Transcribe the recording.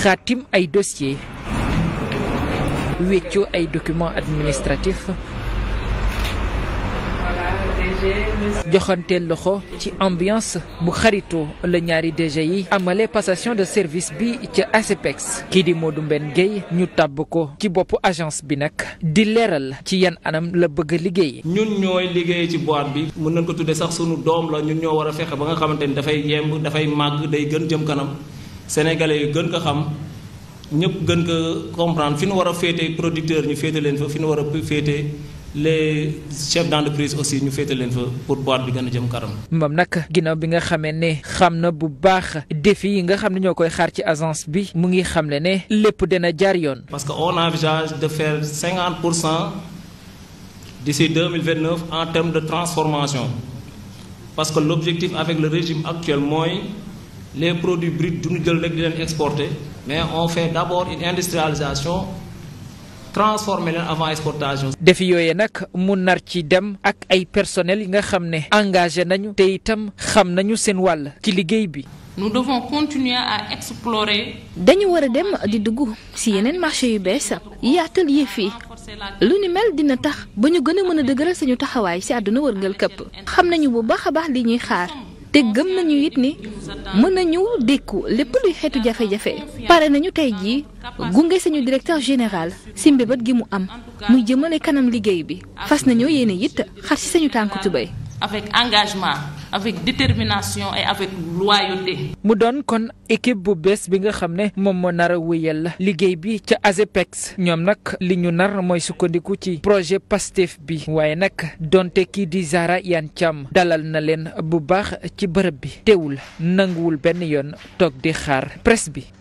xaatim ay dossier wéccoo ay document administratif joxanteel loxo ci ambiance bu xaritoo la ñaari DG yi amale passation de service bi ca ASEPEX kii di Modou Mbène géey ñu tàbb ko ci bopp agence bi nag di leeral ci yan anam la bëgg a liggéey ñun ñooy liggéey ci boîte bi mën nan ko tuddee sax sunu doom la ñun ñoo war a fexe ba nga xamante ni dafay yemb dafay màgg day gën jëm kanam sénégalais yu gën ko xam ñëpp gën ko comprendre fi ñu war a féete producteur ñu féete leen fa fi nu war a féete les chefs d'entreprise aussi ñu féete leen fa pour boîte bi gën a jëm karam moom nag ginnaaw bi nga xamee ne xam na bu baax défi yi nga xam ne ñoo koy xaar ci agence bi mu ngi xam ne ne lépp dina jaar yoon. parce que on envisage de faire cinquante pour cent d'ici deux mille vingt neuf en terme de transformation parce que l'objectif avec le régime actuel mooy. les produits bruts duñu jël rek di leen exporter mais on fait d'abord une industrialisation transformer leen avant exportation. defi yooye nag mu nar ci dem ak ay personnels yi nga xam ne engagé nañu te itam xam nañu seen wàll ci liggéey bi. nous devons continuer à explorer. dañu war a dem di dugg ci yeneen marché yu bees yaatal yëf yi lu ni mel dina tax ba ñu gën a mën a dëgëral suñu taxawaay ci àdduna wërngal këpp xam nañu bu baax a baax li ñuy xaar. te gëm nañu it ni mën nañu dékku lépp luy xeetu jafe-jafe pare nañu tey jii gunge sañu directeur général si mbébét gi mu am muy jëmale kanam liggéey bi fas nañoo yéene it xar ci sañu tànk tubéy avec engagement avec détermination et avec loyauté. mu doon kon équipe bu bees bi nga xam ne moom moo nar a wéyal liggéey bi ca ASEPEX ñoom nag li ñu nar mooy sukkandiku ci projet PASTEF bi waaye nag donte kii di Zahra yan càmm dalal na leen bu baax ci bëréb bi teewul nanguwul benn yoon toog di xaar presse bi.